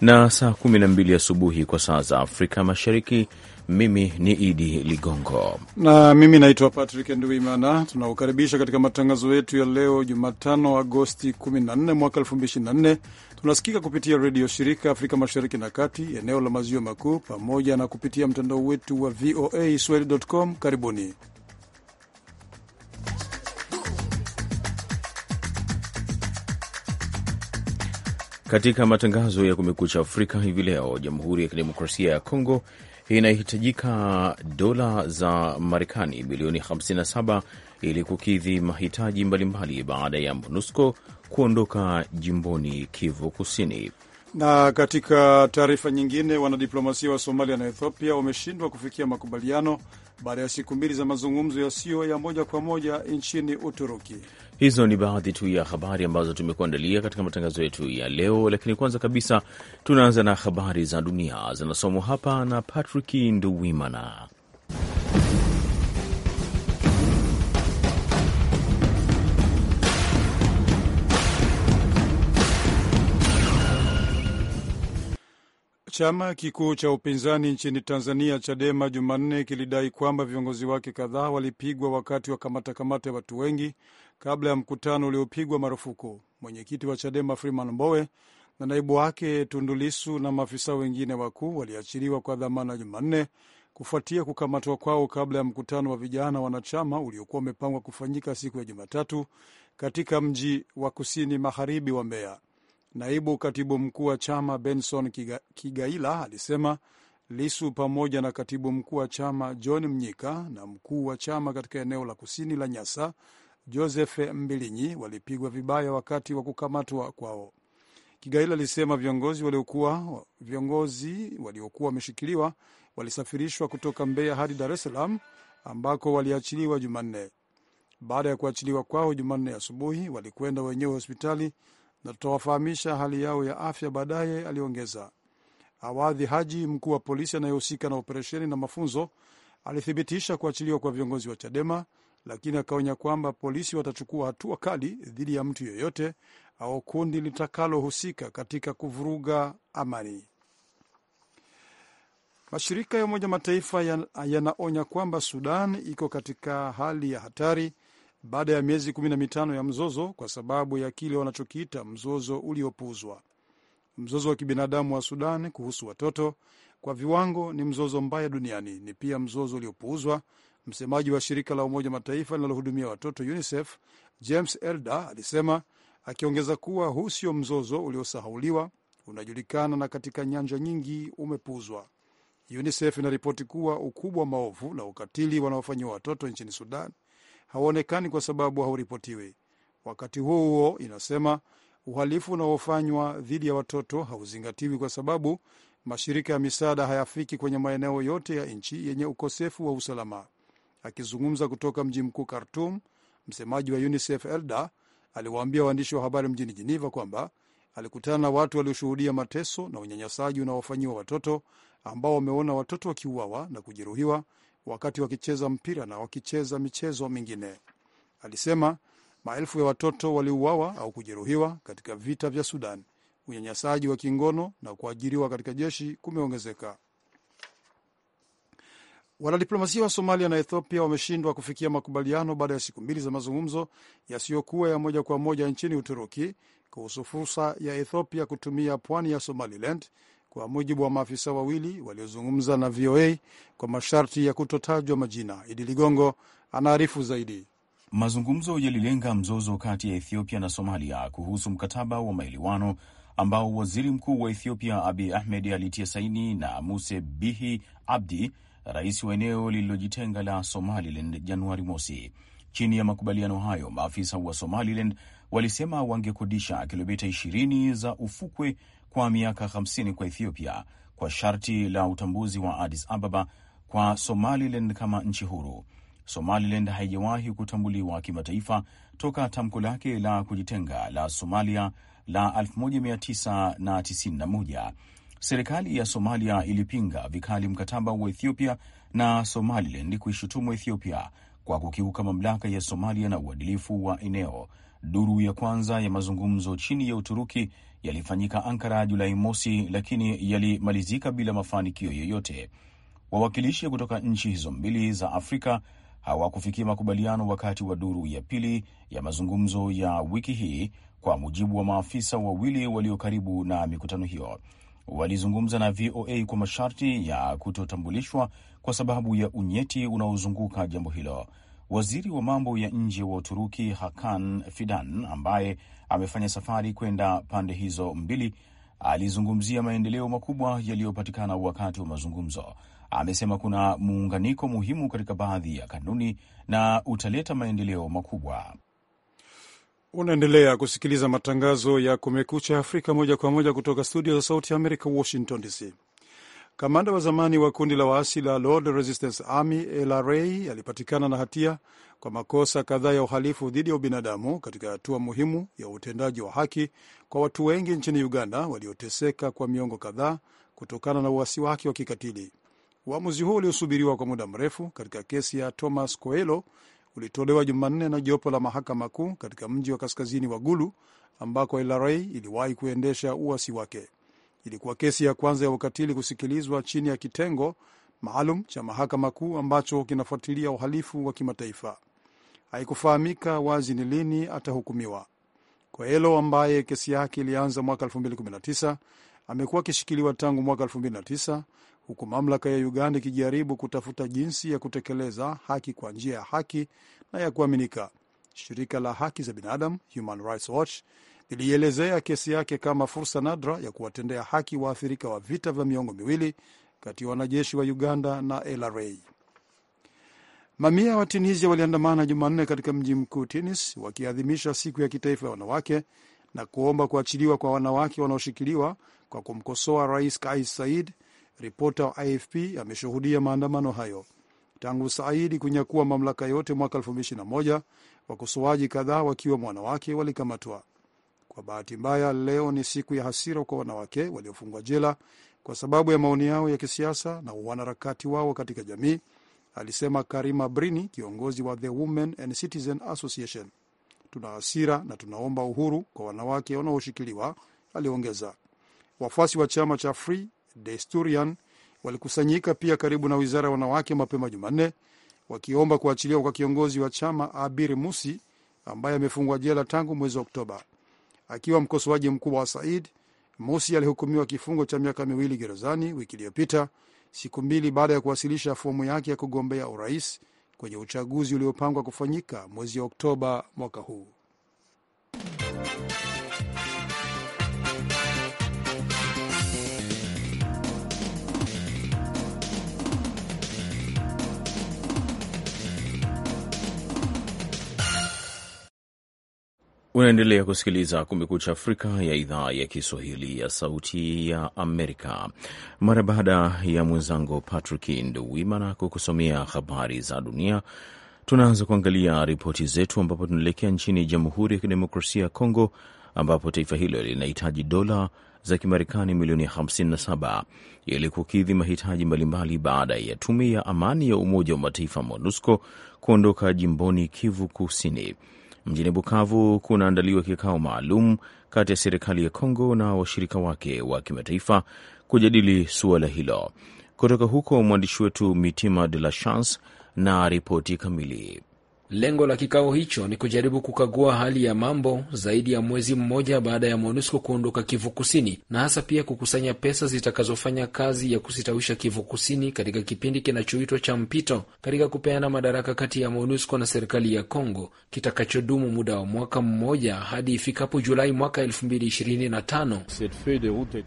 na saa 12 asubuhi kwa saa za Afrika Mashariki. Mimi ni Idi Ligongo na mimi naitwa Patrick Nduimana. Tunakukaribisha katika matangazo yetu ya leo Jumatano, Agosti 14 mwaka 2024. Tunasikika kupitia redio shirika Afrika Mashariki na Kati, eneo la Maziwa Makuu, pamoja na kupitia mtandao wetu wa VOA Swahili.com. Karibuni. Katika matangazo ya Kumekucha Afrika hivi leo, Jamhuri ya Kidemokrasia ya Kongo inahitajika dola za Marekani milioni 57 ili kukidhi mahitaji mbalimbali baada ya MONUSCO kuondoka jimboni Kivu Kusini. Na katika taarifa nyingine, wanadiplomasia wa Somalia na Ethiopia wameshindwa kufikia makubaliano baada ya siku mbili za mazungumzo yasiyo ya moja kwa moja nchini Uturuki. Hizo ni baadhi tu ya habari ambazo tumekuandalia katika matangazo yetu ya leo, lakini kwanza kabisa tunaanza na habari za dunia zinasomwa hapa na Patrick Nduwimana. Chama kikuu cha upinzani nchini Tanzania, Chadema, Jumanne kilidai kwamba viongozi wake kadhaa walipigwa wakati wa kamata kamata ya watu wengi kabla ya mkutano uliopigwa marufuku. Mwenyekiti wa Chadema Freeman Mbowe na naibu wake Tundulisu na maafisa wengine wakuu waliachiliwa kwa dhamana Jumanne kufuatia kukamatwa kwao kabla ya mkutano wa vijana wanachama uliokuwa umepangwa kufanyika siku ya Jumatatu katika mji wa kusini magharibi wa Mbeya. Naibu katibu mkuu wa chama Benson Kiga, Kigaila alisema Lisu pamoja na katibu mkuu wa chama John Mnyika na mkuu wa chama katika eneo la kusini la Nyasa Joseph Mbilinyi walipigwa vibaya wakati wa kukamatwa kwao. Kigaila alisema viongozi waliokuwa viongozi waliokuwa wameshikiliwa walisafirishwa kutoka Mbeya hadi Dar es Salaam ambako waliachiliwa Jumanne. Baada ya kuachiliwa kwao Jumanne asubuhi, walikwenda wenyewe hospitali na tutawafahamisha hali yao ya afya baadaye, aliongeza. Awadhi Haji, mkuu wa polisi anayehusika na operesheni na mafunzo, alithibitisha kuachiliwa kwa viongozi wa Chadema lakini akaonya kwamba polisi watachukua hatua kali dhidi ya mtu yeyote au kundi litakalohusika katika kuvuruga amani. Mashirika ya Umoja Mataifa yanaonya kwamba Sudan iko katika hali ya hatari baada ya miezi kumi na mitano ya mzozo kwa sababu ya kile wanachokiita mzozo uliopuuzwa. Mzozo wa kibinadamu wa Sudan kuhusu watoto kwa viwango ni mzozo mbaya duniani, ni pia mzozo uliopuuzwa Msemaji wa shirika la Umoja Mataifa linalohudumia watoto UNICEF James Elder alisema, akiongeza kuwa huu sio mzozo uliosahauliwa, unajulikana na katika nyanja nyingi umepuuzwa. UNICEF inaripoti kuwa ukubwa wa maovu na ukatili wanaofanyiwa watoto nchini Sudan hauonekani kwa sababu hauripotiwi. Wakati huo huo, inasema uhalifu unaofanywa dhidi ya watoto hauzingatiwi kwa sababu mashirika ya misaada hayafiki kwenye maeneo yote ya nchi yenye ukosefu wa usalama. Akizungumza kutoka mji mkuu Khartum, msemaji wa UNICEF Elda aliwaambia waandishi wa habari mjini Jeneva kwamba alikutana na watu walioshuhudia mateso na unyanyasaji unaofanyiwa watoto ambao wameona watoto wakiuawa na kujeruhiwa wakati wakicheza mpira na wakicheza michezo mingine. Alisema maelfu ya watoto waliuawa au kujeruhiwa katika vita vya Sudan. Unyanyasaji wa kingono na kuajiriwa katika jeshi kumeongezeka. Wanadiplomasia wa Somalia na Ethiopia wameshindwa kufikia makubaliano baada ya siku mbili za mazungumzo yasiyokuwa ya moja kwa moja nchini Uturuki kuhusu fursa ya Ethiopia kutumia pwani ya Somaliland, kwa mujibu wa maafisa wawili waliozungumza na VOA kwa masharti ya kutotajwa majina. Idi Ligongo anaarifu zaidi. Mazungumzo yalilenga mzozo kati ya Ethiopia na Somalia kuhusu mkataba wa maelewano ambao waziri mkuu wa Ethiopia abi Ahmed alitia saini na Muse Bihi Abdi rais wa eneo lililojitenga la Somaliland Januari mosi. Chini ya makubaliano hayo, maafisa wa Somaliland walisema wangekodisha kilomita 20 za ufukwe kwa miaka 50 kwa Ethiopia kwa sharti la utambuzi wa Addis Ababa kwa Somaliland kama nchi huru. Somaliland haijawahi kutambuliwa kimataifa toka tamko lake la kujitenga la Somalia la 1991 Serikali ya Somalia ilipinga vikali mkataba wa Ethiopia na Somaliland kuishutumu Ethiopia kwa kukiuka mamlaka ya Somalia na uadilifu wa eneo. Duru ya kwanza ya mazungumzo chini ya Uturuki yalifanyika Ankara Julai mosi, lakini yalimalizika bila mafanikio yoyote. Wawakilishi kutoka nchi hizo mbili za Afrika hawakufikia makubaliano wakati wa duru ya pili ya mazungumzo ya wiki hii, kwa mujibu wa maafisa wawili walio karibu na mikutano hiyo walizungumza na VOA kwa masharti ya kutotambulishwa kwa sababu ya unyeti unaozunguka jambo hilo. Waziri wa mambo ya nje wa Uturuki Hakan Fidan, ambaye amefanya safari kwenda pande hizo mbili, alizungumzia maendeleo makubwa yaliyopatikana wakati wa mazungumzo. Amesema kuna muunganiko muhimu katika baadhi ya kanuni na utaleta maendeleo makubwa. Unaendelea kusikiliza matangazo ya Kumekucha Afrika moja kwa moja kutoka studio za Sauti ya Amerika, Washington DC. Kamanda wa zamani wa kundi la waasi la Lord Resistance Army LRA alipatikana na hatia kwa makosa kadhaa ya uhalifu dhidi ya ubinadamu katika hatua muhimu ya utendaji wa haki kwa watu wengi nchini Uganda walioteseka kwa miongo kadhaa kutokana na uasi wake wa kikatili. Uamuzi huo uliosubiriwa kwa muda mrefu katika kesi ya Thomas Coelho ulitolewa Jumanne na jopo la mahakama kuu katika mji wa kaskazini wa Gulu ambako LRA iliwahi kuendesha uasi wake. Ilikuwa kesi ya kwanza ya ukatili kusikilizwa chini ya kitengo maalum cha mahakama kuu ambacho kinafuatilia uhalifu wa kimataifa. Haikufahamika wazi ni lini atahukumiwa. Koelo ambaye kesi yake ilianza mwaka 2019 amekuwa akishikiliwa tangu mwaka 2009 huku mamlaka ya Uganda ikijaribu kutafuta jinsi ya kutekeleza haki kwa njia ya haki na ya kuaminika. Shirika la haki za binadamu Human Rights Watch lilielezea kesi yake kama fursa nadra ya kuwatendea haki waathirika wa vita vya miongo miwili kati ya wanajeshi wa Uganda na LRA. Mamia ya Watunisia waliandamana Jumanne katika mji mkuu Tunis wakiadhimisha siku ya kitaifa ya wanawake na kuomba kuachiliwa kwa wanawake wanaoshikiliwa kwa kumkosoa Rais Kais Saied Ripota wa AFP ameshuhudia maandamano hayo tangu Saidi kunyakua mamlaka yote mwaka 2021. Wakosoaji kadhaa wakiwa wanawake walikamatwa. Kwa bahati mbaya, leo ni siku ya hasira kwa wanawake waliofungwa jela kwa sababu ya maoni yao ya kisiasa na wanaharakati wao katika jamii, alisema Karima Brini, kiongozi wa The Women and Citizen Association. Tuna hasira na tunaomba uhuru kwa wanawake wanaoshikiliwa, aliongeza. Wafuasi wa chama cha Free Desturian walikusanyika pia karibu na wizara ya wanawake mapema Jumanne wakiomba kuachiliwa kwa kiongozi wa chama abir Musi ambaye amefungwa jela tangu mwezi Oktoba. Akiwa mkosoaji mkubwa wa Said, Musi alihukumiwa kifungo cha miaka miwili gerezani wiki iliyopita, siku mbili baada ya kuwasilisha fomu yake ya kugombea urais kwenye uchaguzi uliopangwa kufanyika mwezi Oktoba mwaka huu. Unaendelea kusikiliza Kumekucha Afrika ya idhaa ya Kiswahili ya Sauti ya Amerika. Mara baada ya mwenzangu Patrick Nduwimana kukusomea habari za dunia, tunaanza kuangalia ripoti zetu, ambapo tunaelekea nchini Jamhuri ya Kidemokrasia ya Kongo, ambapo taifa hilo linahitaji dola za Kimarekani milioni 57 ili kukidhi mahitaji mbalimbali baada ya tume ya amani ya Umoja wa Mataifa MONUSCO kuondoka jimboni Kivu Kusini. Mjini Bukavu kunaandaliwa kikao maalum kati ya serikali ya Kongo na washirika wake wa kimataifa kujadili suala hilo. Kutoka huko mwandishi wetu Mitima De La Chance na ripoti kamili. Lengo la kikao hicho ni kujaribu kukagua hali ya mambo zaidi ya mwezi mmoja baada ya MONUSCO kuondoka Kivu Kusini, na hasa pia kukusanya pesa zitakazofanya kazi ya kusitawisha Kivu Kusini katika kipindi kinachoitwa cha mpito katika kupeana madaraka kati ya MONUSCO na serikali ya congo kitakachodumu muda wa mwaka mmoja hadi ifikapo Julai mwaka 2025.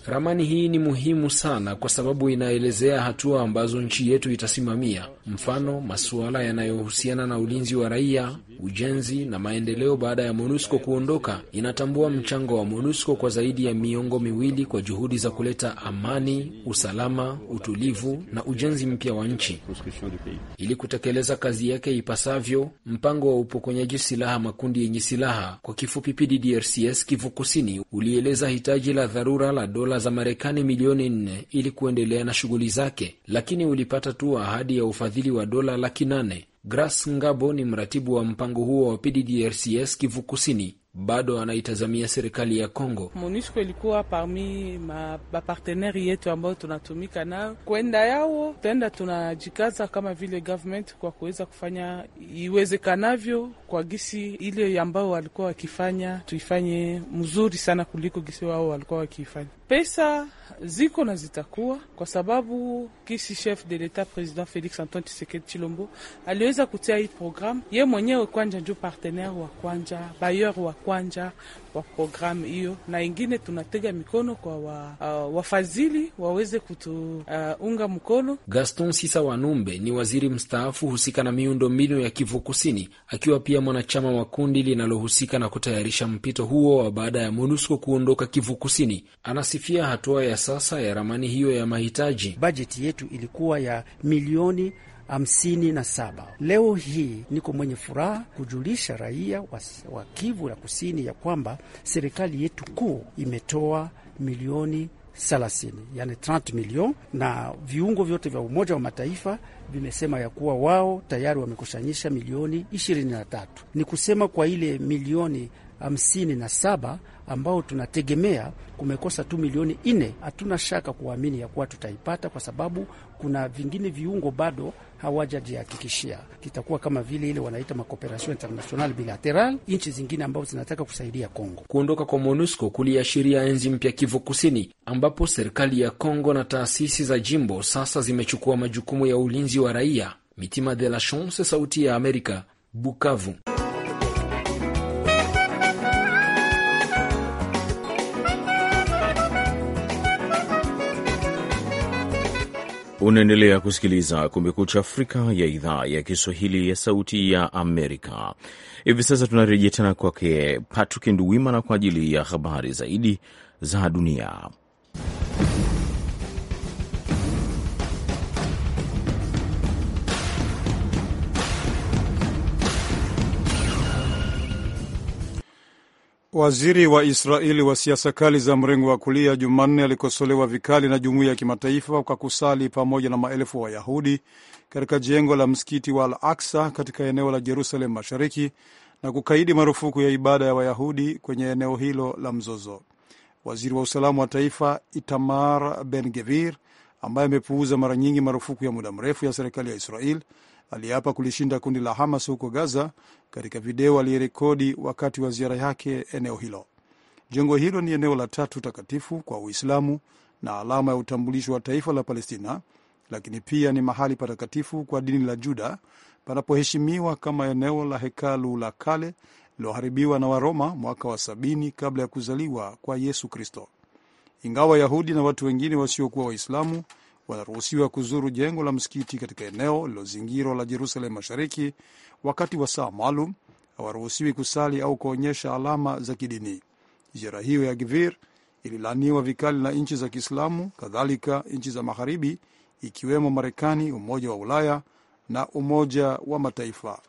Ramani hii ni muhimu sana kwa sababu inaelezea hatua ambazo nchi yetu itasimamia, mfano masuala yanayohusiana na ulinzi wa raia, ujenzi na maendeleo baada ya MONUSCO kuondoka inatambua mchango wa MONUSCO kwa zaidi ya miongo miwili kwa juhudi za kuleta amani, usalama, utulivu na ujenzi mpya wa nchi. Ili kutekeleza kazi yake ipasavyo, mpango wa upokonyaji silaha makundi yenye silaha kwa kifupi PDDRCS Kivu Kusini ulieleza hitaji la dharura la dola za Marekani milioni nne ili kuendelea na shughuli zake, lakini ulipata tu ahadi ya ufadhili wa dola laki nane Grace Ngabo ni mratibu wa mpango huo wa PDDRCS Kivu Kusini. Bado anaitazamia serikali ya Kongo. MONUSCO ilikuwa parmi maparteneri yetu ambayo tunatumika nayo kwenda yao tenda, tunajikaza kama vile government kwa kuweza kufanya iwezekanavyo kwa gisi ile ambao walikuwa wakifanya tuifanye mzuri sana kuliko gisi wao walikuwa wakiifanya. Pesa ziko na zitakuwa, kwa sababu gisi chef de l'etat president Felix Antoine Tshisekedi Chilombo aliweza kutia hii programu ye mwenyewe kwanja, njo partenaire wa kwanja, bayeur wa kwanja wa programu hiyo, na ingine tunatega mikono kwa wa, uh, wafadhili waweze kutuunga uh, mkono. Gaston Sisa Wanumbe ni waziri mstaafu husika na miundo mbinu ya Kivu Kusini, akiwa pia mwanachama wa kundi linalohusika na kutayarisha mpito huo wa baada ya MONUSCO kuondoka Kivu Kusini. Anasifia hatua ya sasa ya ramani hiyo ya mahitaji. Bajeti yetu ilikuwa ya milioni 57. Leo hii niko mwenye furaha kujulisha raia wa, wa Kivu la Kusini ya kwamba serikali yetu kuu imetoa milioni 30 yani 30 milioni, na viungo vyote vya Umoja wa Mataifa vimesema ya kuwa wao tayari wamekusanyisha milioni 23. Ni kusema kwa ile milioni hamsini na saba ambao tunategemea kumekosa tu milioni nne. Hatuna shaka kuamini ya kuwa tutaipata, kwa sababu kuna vingine viungo bado hawajajihakikishia. Kitakuwa kama vile ile wanaita makooperation international bilateral, nchi zingine ambazo zinataka kusaidia Kongo. Kuondoka kwa MONUSCO kuliashiria enzi mpya Kivu Kusini, ambapo serikali ya Kongo na taasisi za jimbo sasa zimechukua majukumu ya ulinzi wa raia. Mitima de la Chance, Sauti ya Amerika, Bukavu. Unaendelea kusikiliza Kumekucha Afrika ya idhaa ya Kiswahili ya Sauti ya Amerika. Hivi sasa tunarejea tena kwake Patrick Nduwimana kwa ajili ya habari zaidi za dunia. Waziri wa Israeli wa siasa kali za mrengo wa kulia Jumanne alikosolewa vikali na jumuiya ya kimataifa kwa kusali pamoja na maelfu wa Wayahudi katika jengo la msikiti wa Al Aksa katika eneo la Jerusalem Mashariki na kukaidi marufuku ya ibada ya Wayahudi kwenye eneo hilo la mzozo. Waziri wa usalama wa taifa Itamar Ben gevir ambaye amepuuza mara nyingi marufuku ya muda mrefu ya serikali ya Israel, aliyeapa kulishinda kundi la Hamas huko Gaza katika video aliyerekodi wakati wa ziara yake eneo hilo. Jengo hilo ni eneo la tatu takatifu kwa Uislamu na alama ya utambulisho wa taifa la Palestina, lakini pia ni mahali patakatifu kwa dini la Juda panapoheshimiwa kama eneo la hekalu la kale lililoharibiwa na Waroma mwaka wa sabini kabla ya kuzaliwa kwa Yesu Kristo. Ingawa Wayahudi na watu wengine wasiokuwa Waislamu wanaruhusiwa kuzuru jengo la msikiti katika eneo lilozingirwa la Jerusalem Mashariki, wakati wa saa maalum hawaruhusiwi kusali au kuonyesha alama za kidini. Ziara hiyo ya Gvir ililaniwa vikali na nchi za Kiislamu, kadhalika nchi za Magharibi ikiwemo Marekani, Umoja wa Ulaya na Umoja wa Mataifa.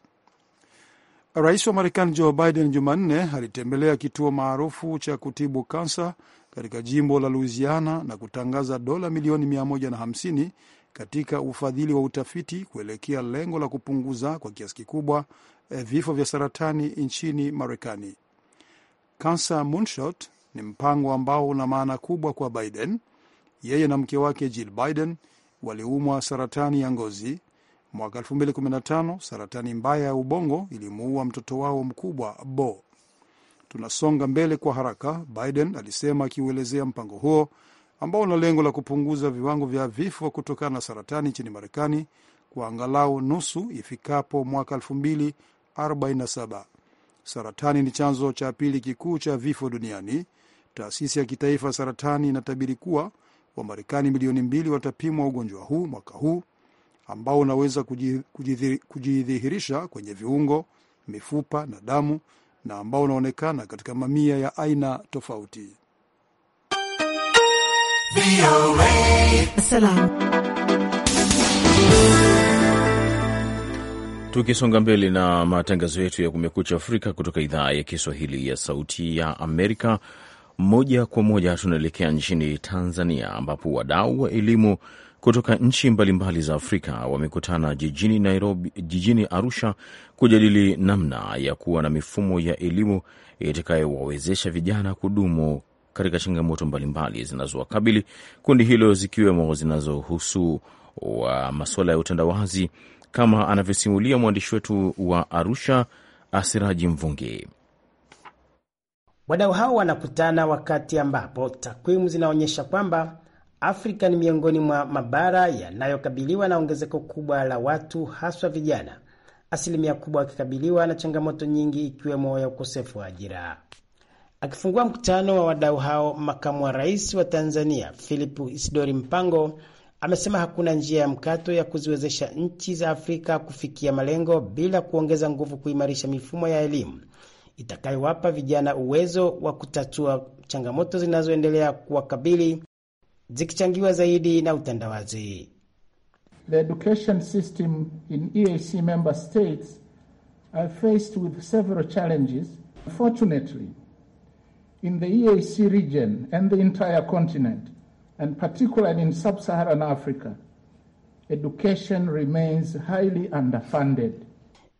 Rais wa Marekani Joe Biden Jumanne alitembelea kituo maarufu cha kutibu kansa katika jimbo la Louisiana na kutangaza dola milioni 150 katika ufadhili wa utafiti kuelekea lengo la kupunguza kwa kiasi kikubwa eh, vifo vya saratani nchini Marekani. Kansa Moonshot ni mpango ambao una maana kubwa kwa Biden. Yeye na mke wake Jill Biden waliumwa saratani ya ngozi mwaka 2015. Saratani mbaya ya ubongo ilimuua mtoto wao mkubwa Bo. Tunasonga mbele kwa haraka, Biden alisema akiuelezea mpango huo ambao una lengo la kupunguza viwango vya vifo kutokana na saratani nchini Marekani kwa angalau nusu ifikapo mwaka 2047. Saratani ni chanzo cha pili kikuu cha vifo duniani. Taasisi ya kitaifa ya saratani inatabiri kuwa Wamarekani milioni mbili watapimwa ugonjwa huu mwaka huu ambao unaweza kujidhihirisha kwenye viungo, mifupa na damu na ambao unaonekana katika mamia ya aina tofauti. Salam. Tukisonga mbele na matangazo yetu ya Kumekucha Afrika kutoka idhaa ya Kiswahili ya Sauti ya Amerika, moja kwa moja tunaelekea nchini Tanzania, ambapo wadau wa elimu kutoka nchi mbalimbali za Afrika wamekutana jijini Nairobi, jijini Arusha kujadili namna ya kuwa na mifumo ya elimu itakayowawezesha vijana kudumu katika changamoto mbalimbali zinazowakabili kundi hilo zikiwemo zinazohusu wa masuala ya utandawazi, kama anavyosimulia mwandishi wetu wa Arusha, Asiraji Mvungi. Wadau hao wanakutana wakati ambapo takwimu zinaonyesha kwamba Afrika ni miongoni mwa mabara yanayokabiliwa na ongezeko kubwa la watu, haswa vijana, asilimia kubwa wakikabiliwa na changamoto nyingi ikiwemo ya ukosefu wa ajira. Akifungua mkutano wa wadau hao, makamu wa rais wa Tanzania Philip Isidori Mpango amesema hakuna njia ya mkato ya kuziwezesha nchi za Afrika kufikia malengo bila kuongeza nguvu kuimarisha mifumo ya elimu itakayowapa vijana uwezo wa kutatua changamoto zinazoendelea kuwakabili zikichangiwa zaidi na utandawazi. The education system in EAC member states are faced with several challenges. Fortunately, in the EAC region and the entire continent, and particularly in sub Saharan Africa, education remains highly underfunded.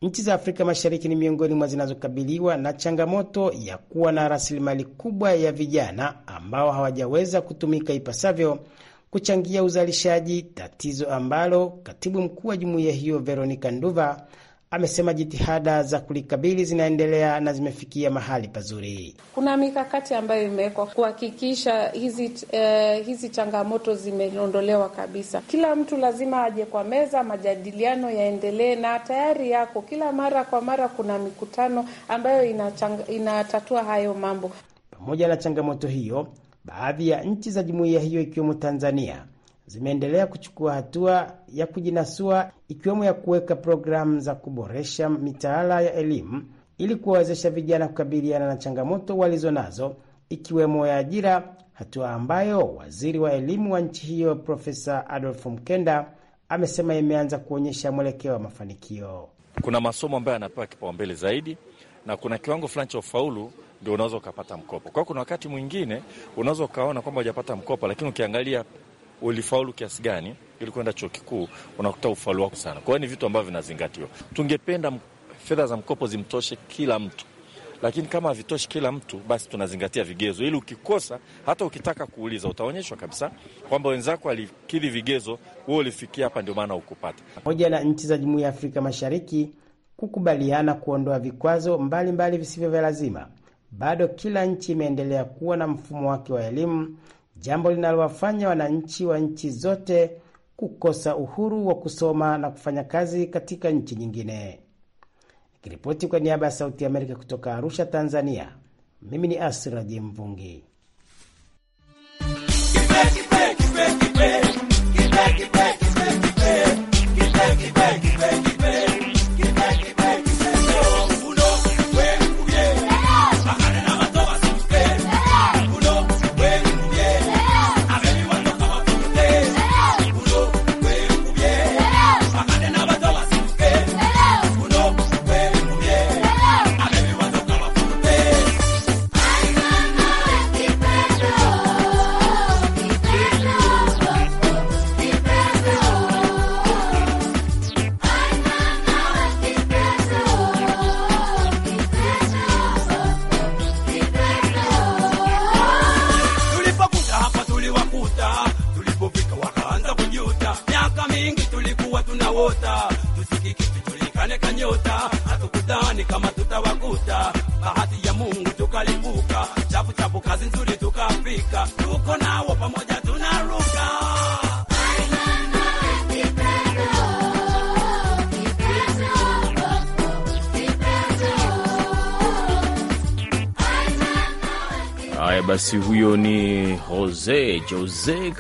Nchi za Afrika Mashariki ni miongoni mwa zinazokabiliwa na changamoto ya kuwa na rasilimali kubwa ya vijana ambao hawajaweza kutumika ipasavyo kuchangia uzalishaji, tatizo ambalo katibu mkuu wa jumuiya hiyo Veronica Nduva amesema jitihada za kulikabili zinaendelea na zimefikia mahali pazuri. Kuna mikakati ambayo imewekwa kuhakikisha hizi, eh, hizi changamoto zimeondolewa kabisa. Kila mtu lazima aje kwa meza, majadiliano yaendelee, na tayari yako kila mara kwa mara. Kuna mikutano ambayo inatatua hayo mambo. Pamoja na changamoto hiyo, baadhi ya nchi za jumuiya hiyo ikiwemo Tanzania zimeendelea kuchukua hatua ya kujinasua, ikiwemo ya kuweka programu za kuboresha mitaala ya elimu ili kuwawezesha vijana kukabiliana na changamoto walizo nazo ikiwemo ya ajira, hatua ambayo waziri wa elimu wa nchi hiyo Profesa Adolf Mkenda amesema imeanza kuonyesha mwelekeo wa mafanikio. Kuna masomo ambayo yanapewa kipaumbele zaidi na kuna kiwango fulani cha ufaulu ndio unaweza ukapata mkopo. Kwa hiyo kuna wakati mwingine unaweza ukaona kwamba hujapata mkopo, lakini ukiangalia ulifaulu kiasi gani ili kwenda chuo kikuu, unakuta ufaulu wako sana. Kwa hiyo ni vitu ambavyo vinazingatiwa. Tungependa fedha za mkopo zimtoshe kila mtu, lakini kama havitoshi kila mtu, basi tunazingatia vigezo, ili ukikosa, hata ukitaka kuuliza, utaonyeshwa kabisa kwamba wenzako alikidhi vigezo, wewe ulifikia hapa, ndio maana ukupata. Moja na nchi za Jumuiya ya Afrika Mashariki kukubaliana kuondoa vikwazo mbalimbali visivyo vya lazima, bado kila nchi imeendelea kuwa na mfumo wake wa elimu jambo linalowafanya wananchi wa nchi zote kukosa uhuru wa kusoma na kufanya kazi katika nchi nyingine. Nikiripoti kwa niaba ya Sauti ya Amerika kutoka Arusha, Tanzania, mimi ni Asra Jimvungi. Jose Jose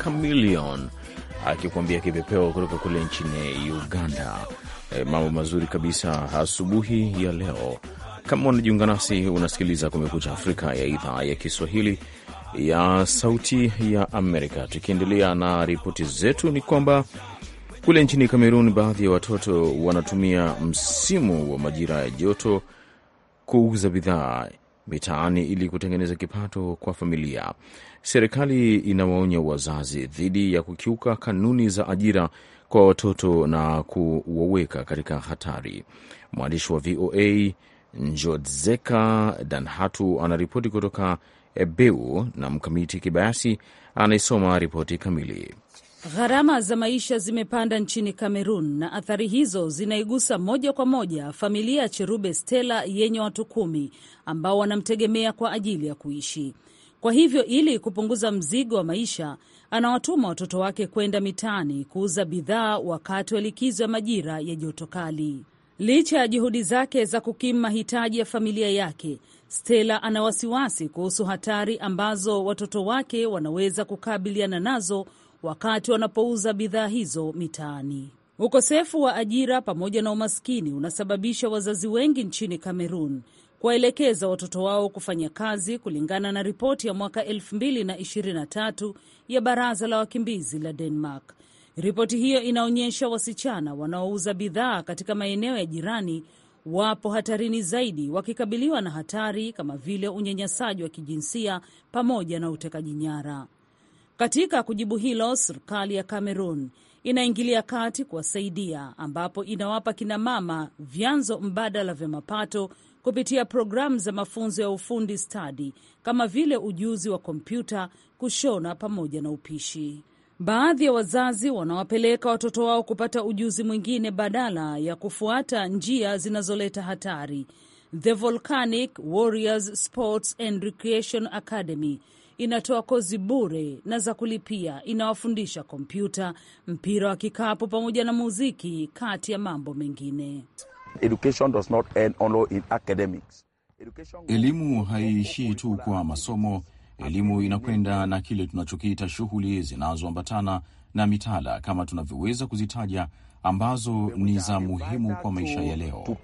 akikuambia kipepeo kutoka kule nchini Uganda. E, mambo mazuri kabisa asubuhi ya leo. Kama unajiunga nasi, unasikiliza Kumekucha Afrika ya idhaa ya Kiswahili ya Sauti ya Amerika. Tukiendelea na ripoti zetu, ni kwamba kule nchini Kamerun baadhi ya watoto wanatumia msimu wa majira ya joto kuuza bidhaa mitaani ili kutengeneza kipato kwa familia. Serikali inawaonya wazazi dhidi ya kukiuka kanuni za ajira kwa watoto na kuwaweka katika hatari. Mwandishi wa VOA Njodzeka Danhatu anaripoti kutoka Ebeu na Mkamiti Kibayasi anaisoma ripoti kamili. Gharama za maisha zimepanda nchini Kamerun na athari hizo zinaigusa moja kwa moja familia ya Cherube Stella yenye watu kumi ambao wanamtegemea kwa ajili ya kuishi. Kwa hivyo, ili kupunguza mzigo wa maisha, anawatuma watoto wake kwenda mitaani kuuza bidhaa wakati wa likizo ya majira ya joto kali. Licha ya juhudi zake za kukimu mahitaji ya familia yake, Stella ana wasiwasi kuhusu hatari ambazo watoto wake wanaweza kukabiliana nazo wakati wanapouza bidhaa hizo mitaani. Ukosefu wa ajira pamoja na umaskini unasababisha wazazi wengi nchini Kamerun kuwaelekeza watoto wao kufanya kazi, kulingana na ripoti ya mwaka 2023 ya baraza la wakimbizi la Denmark. Ripoti hiyo inaonyesha wasichana wanaouza bidhaa katika maeneo ya jirani wapo hatarini zaidi, wakikabiliwa na hatari kama vile unyanyasaji wa kijinsia pamoja na utekaji nyara. Katika kujibu hilo, serikali ya Cameroon inaingilia kati kuwasaidia, ambapo inawapa kinamama vyanzo mbadala vya mapato kupitia programu za mafunzo ya ufundi stadi kama vile ujuzi wa kompyuta, kushona pamoja na upishi. Baadhi ya wazazi wanawapeleka watoto wao kupata ujuzi mwingine badala ya kufuata njia zinazoleta hatari. The Volcanic Warriors Sports and Recreation Academy inatoa kozi bure na za kulipia, inawafundisha kompyuta, mpira wa kikapu pamoja na muziki, kati ya mambo mengine. Education does not end only in academics. Education... elimu haiishii tu kwa masomo. Elimu inakwenda na kile tunachokiita shughuli zinazoambatana na mitaala kama tunavyoweza kuzitaja ambazo ni za muhimu kwa maisha ya leo.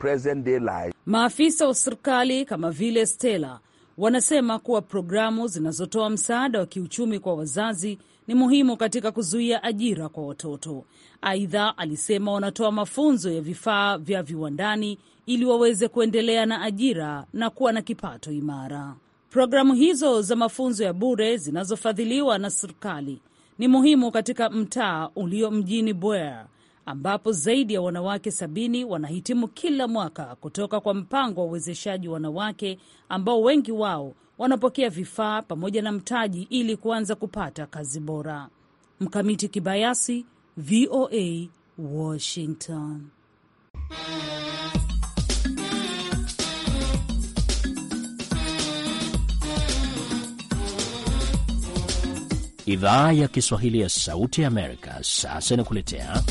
Maafisa wa serikali kama vile Stella Wanasema kuwa programu zinazotoa msaada wa kiuchumi kwa wazazi ni muhimu katika kuzuia ajira kwa watoto. Aidha, alisema wanatoa mafunzo ya vifaa vya viwandani ili waweze kuendelea na ajira na kuwa na kipato imara. Programu hizo za mafunzo ya bure zinazofadhiliwa na serikali ni muhimu katika mtaa ulio mjini Bwer ambapo zaidi ya wanawake sabini wanahitimu kila mwaka kutoka kwa mpango wa uwezeshaji wanawake ambao wengi wao wanapokea vifaa pamoja na mtaji ili kuanza kupata kazi bora. Mkamiti Kibayasi, VOA, Washington. Idhaa ya Kiswahili ya Sauti ya Amerika sasa inakuletea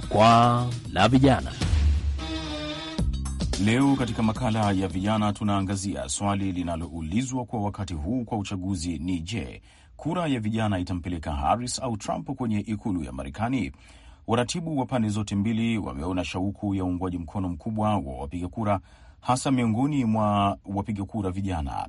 Jukwaa la Vijana. Leo katika makala ya vijana tunaangazia swali linaloulizwa kwa wakati huu kwa uchaguzi ni je, kura ya vijana itampeleka Harris au Trump kwenye ikulu ya Marekani? Waratibu wa pande zote mbili wameona shauku ya uungwaji mkono mkubwa wa wapiga kura, hasa miongoni mwa wapiga kura vijana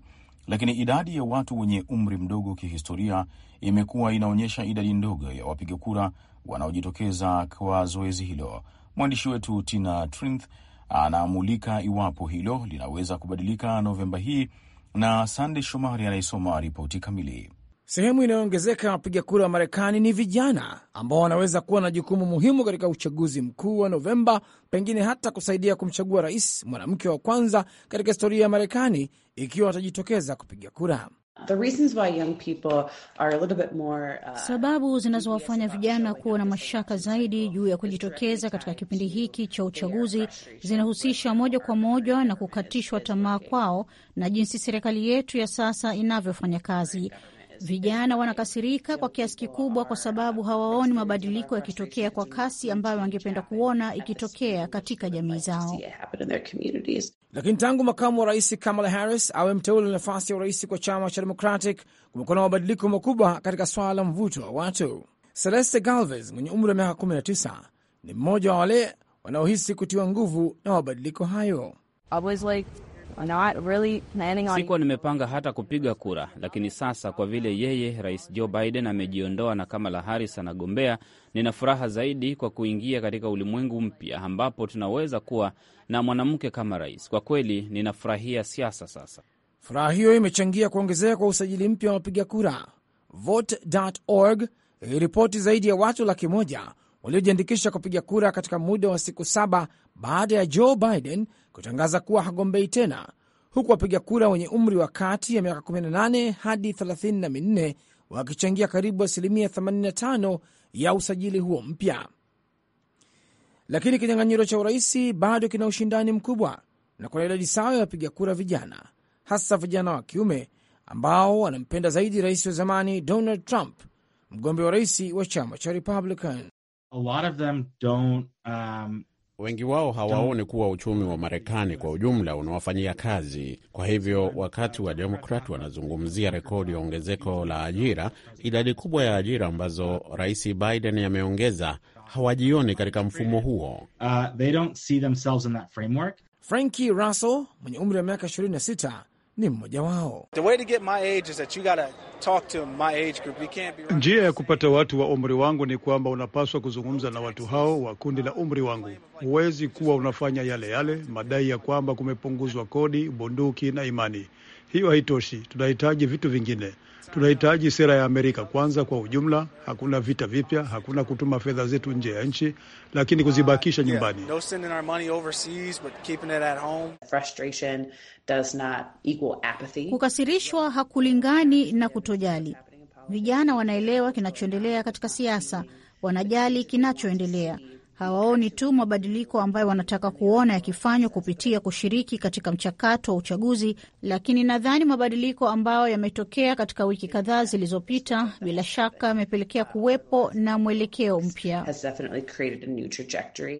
lakini idadi ya watu wenye umri mdogo kihistoria imekuwa inaonyesha idadi ndogo ya wapiga kura wanaojitokeza kwa zoezi hilo. Mwandishi wetu Tina Trinth anaamulika iwapo hilo linaweza kubadilika Novemba hii, na Sande Shomari anayesoma ripoti kamili. Sehemu inayoongezeka ya wapiga kura wa Marekani ni vijana ambao wanaweza kuwa na jukumu muhimu katika uchaguzi mkuu wa Novemba, pengine hata kusaidia kumchagua rais mwanamke wa kwanza katika historia ya Marekani ikiwa watajitokeza kupiga kura. More, uh, sababu zinazowafanya vijana kuwa na mashaka zaidi juu ya kujitokeza katika kipindi hiki cha uchaguzi zinahusisha moja kwa moja na kukatishwa tamaa kwao na jinsi serikali yetu ya sasa inavyofanya kazi. Vijana wanakasirika kwa kiasi kikubwa kwa sababu hawaoni mabadiliko yakitokea kwa kasi ambayo wangependa kuona ikitokea katika jamii zao. Lakini tangu makamu wa rais Kamala Harris awe mteule na nafasi ya urais kwa chama cha Democratic, kumekuwa na mabadiliko makubwa katika swala la mvuto wa watu. Celeste Galvez mwenye umri wa miaka 19 ni mmoja wa wale wanaohisi kutiwa nguvu na mabadiliko hayo. Like, really on... sikuwa nimepanga hata kupiga kura, lakini sasa kwa vile yeye Rais Joe Biden amejiondoa na Kamala Harris anagombea, nina furaha zaidi kwa kuingia katika ulimwengu mpya ambapo tunaweza kuwa na mwanamke kama rais. Kwa kweli ninafurahia siasa sasa. Furaha hiyo imechangia kuongezeka kwa usajili mpya wa wapiga kura. Vote.org iliripoti zaidi ya watu laki moja waliojiandikisha kupiga kura katika muda wa siku saba baada ya Joe Biden kutangaza kuwa hagombei tena, huku wapiga kura wenye umri wa kati ya miaka 18 hadi 34 wakichangia karibu asilimia 85 ya usajili huo mpya. Lakini kinyang'anyiro cha uraisi bado kina ushindani mkubwa na kuna idadi sawa ya wapiga kura vijana, hasa vijana wa kiume ambao wanampenda zaidi rais wa zamani Donald Trump, mgombea wa rais wa chama cha Republican. A lot of them don't, um, wengi wao hawaoni kuwa uchumi wa Marekani kwa ujumla unawafanyia kazi. Kwa hivyo wakati wa Demokrat wanazungumzia rekodi ya ongezeko la ajira, idadi kubwa ya ajira ambazo Rais Biden ameongeza, hawajioni katika mfumo huo. Uh, Frankie Russell mwenye umri wa miaka 26 ni mmoja wao. Njia ya kupata watu wa umri wangu ni kwamba unapaswa kuzungumza na watu hao wa kundi la umri wangu. Huwezi kuwa unafanya yale yale madai ya kwamba kumepunguzwa kodi, bunduki na imani. Hiyo haitoshi, tunahitaji vitu vingine. Tunahitaji sera ya Amerika kwanza kwa ujumla. Hakuna vita vipya, hakuna kutuma fedha zetu nje ya nchi, lakini kuzibakisha nyumbani. Kukasirishwa hakulingani na kutojali. Vijana wanaelewa kinachoendelea katika siasa, wanajali kinachoendelea hawaoni tu mabadiliko ambayo wanataka kuona yakifanywa kupitia kushiriki katika mchakato wa uchaguzi, lakini nadhani mabadiliko ambayo yametokea katika wiki kadhaa zilizopita, bila shaka yamepelekea kuwepo na mwelekeo mpya.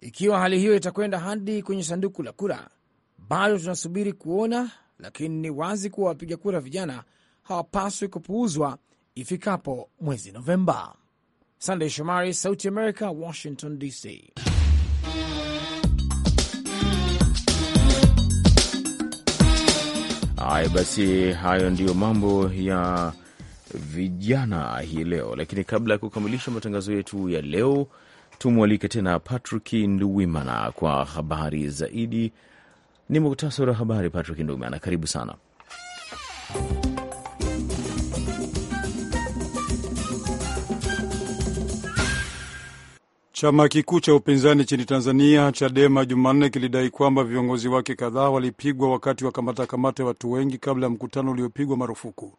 Ikiwa hali hiyo itakwenda hadi kwenye sanduku la kura, bado tunasubiri kuona, lakini ni wazi kuwa wapiga kura vijana hawapaswi kupuuzwa ifikapo mwezi Novemba. Sandey Shomari, Sauti America, Washington DC. Haya basi, hayo ndiyo mambo ya vijana hii leo, lakini kabla ya kukamilisha matangazo yetu ya leo, tumwalike tena Patrick Nduwimana kwa habari zaidi. Ni muktasari wa habari. Patrick Nduwimana, karibu sana. Chama kikuu cha upinzani nchini Tanzania, Chadema, Jumanne kilidai kwamba viongozi wake kadhaa walipigwa wakati wa kamata kamata watu wengi kabla ya mkutano uliopigwa marufuku.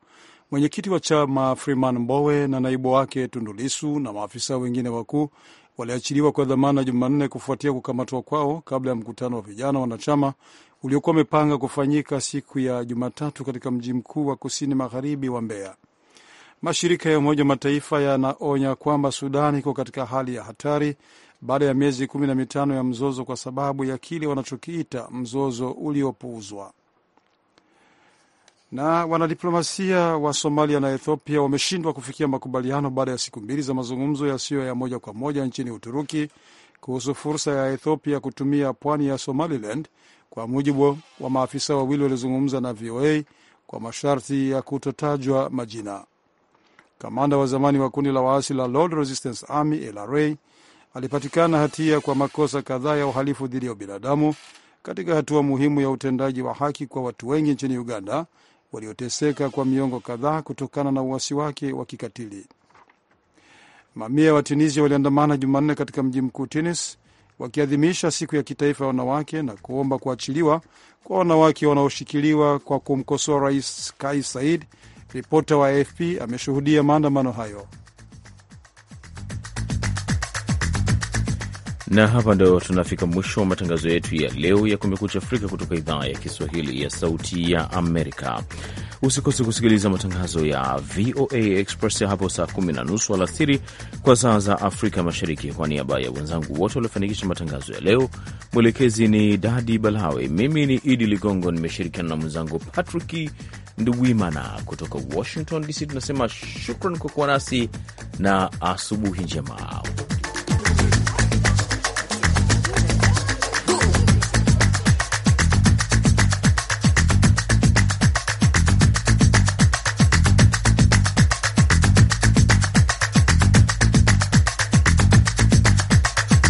Mwenyekiti wa chama Freeman Mbowe na naibu wake Tundulisu na maafisa wengine wakuu waliachiliwa kwa dhamana Jumanne kufuatia kukamatwa kwao kabla ya mkutano wa vijana wanachama uliokuwa umepanga kufanyika siku ya Jumatatu katika mji mkuu wa kusini magharibi wa Mbeya. Mashirika ya Umoja Mataifa yanaonya kwamba Sudan iko katika hali ya hatari baada ya miezi kumi na mitano ya mzozo kwa sababu ya kile wanachokiita mzozo uliopuuzwa. Na wanadiplomasia wa Somalia na Ethiopia wameshindwa kufikia makubaliano baada ya siku mbili za mazungumzo yasiyo ya moja kwa moja nchini Uturuki kuhusu fursa ya Ethiopia kutumia pwani ya Somaliland, kwa mujibu wa maafisa wawili waliozungumza na VOA kwa masharti ya kutotajwa majina. Kamanda wa zamani wa kundi la waasi la Lord Resistance Army LRA alipatikana hatia kwa makosa kadhaa ya uhalifu dhidi ya ubinadamu katika hatua muhimu ya utendaji wa haki kwa watu wengi nchini Uganda walioteseka kwa miongo kadhaa kutokana na uasi wake wa kikatili. Mamia ya Watunisia waliandamana Jumanne katika mji mkuu Tunis wakiadhimisha siku ya kitaifa ya wanawake na kuomba kuachiliwa kwa wanawake wanaoshikiliwa kwa kumkosoa Rais Kais Saied Ripota wa AFP ameshuhudia maandamano hayo. Na hapa ndo tunafika mwisho wa matangazo yetu ya leo ya Kumekucha Afrika kutoka idhaa ya Kiswahili ya Sauti ya Amerika. Usikose kusikiliza matangazo ya VOA Express hapo saa kumi na nusu alasiri kwa saa za Afrika Mashariki. Kwa niaba ya wenzangu wote waliofanikisha matangazo ya leo, mwelekezi ni Dadi Balawe, mimi ni Idi Ligongo, nimeshirikiana na mwenzangu Patrick Nduwimana kutoka Washington DC. Tunasema shukran kwa kuwa nasi na asubuhi njema.